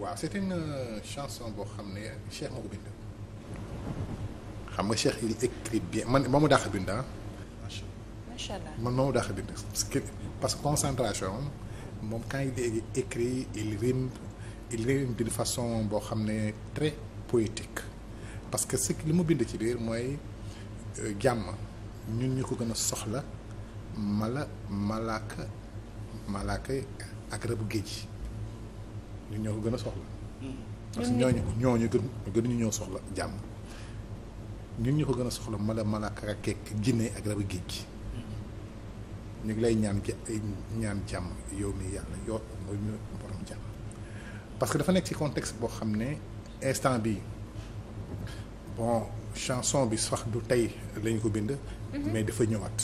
waaw c'est une euh, chanson boo xam ne Cheikh moo ko bind. xam nga Cheikh il écrit bien man moomu dàq bind ah. bind parce que concentration moom quand il écrit il rime il rime d'une façon boo xam ne très poétique parce que ce li mu bind ci biir mooy euh, jàmm ñun ñu ko gën a soxla mala malaaka malaaka ak rabu géej. ñun ñoo ko gën a soxla. Mm-hmm. parce que ñooñu ñooñu gën gën ñu ñoo soxla jàmm. ñun ñu ko gën a soxla mala malaka ak jinne ak rabi géej gi. Mm-hmm. ñu ngi lay ñaan ci ay ñaan jàmm yow mi yàlla yow mooy ñu borom jàmm parce que dafa nekk ci contexte boo xam ne instant bi bon chanson bi sax du tey lañu ko bind. Mm-hmm. mais dafa ñëwaat.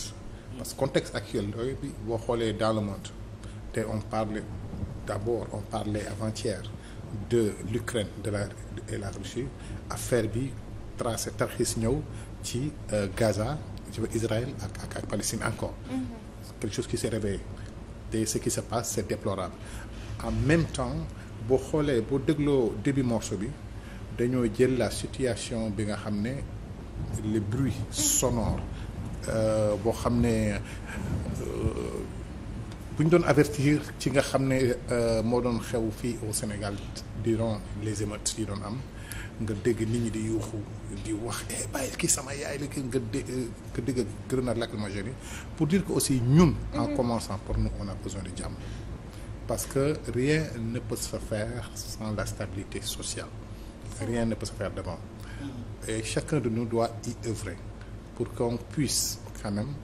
parce que contexte actuel yooyu bi boo xoolee dans le monde te on parle. d'abord on parlait avant-hier de l'Ukraine de la et la Russie affaire bi tracé tarxis ñëw ci euh, Gaza ci Israël ak ak Palestine encore mm-hmm. quelque chose qui s'est réveillé te ce qui se passe c'est déplorable en même temps boo xoolee boo dégloo début morso bi dañoo jël la situation bi nga xam ne les bruits sonores euh, boo xam ne euh, bu ñu doon avertir ci nga xam ne euh, moo doon xew fii au Sénégal durant les émeutes yi doon am nga dégg nit ñi di yuuxu di wax eh bàyyi kii sama yaay la kii nga dé euh, nga dégg grenade lacrymogène yi pour dire ko aussi ñun. en mhm. commençant pour nous on a besoin de jàmm. parce que rien ne peut se faire sans la stabilité sociale. rien ne peut se faire devant. chaque mhm. chacun de nous doit y œuvrer pour qu'on puisse quand même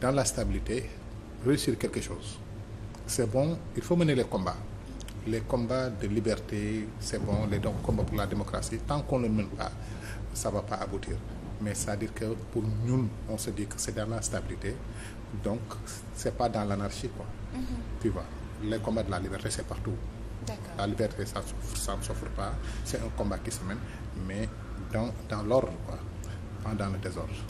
dans la stabilité réussir quelque chose. c'est bon il faut mener les combats les combats de liberté c'est bon les donc combats pour la démocratie tant qu'on ne le mène pas ça pas aboutir mais c'est-à-dire que pour ñun on se dit que c'est dans la stabilité donc c'est pas dans l'anarchie quoi mm -hmm. tu les combats de la liberté c'est partout D'accord. la liberté ça ça ne c'est un combat qui se mais dans dans l'ordre quoi pas dans le désordre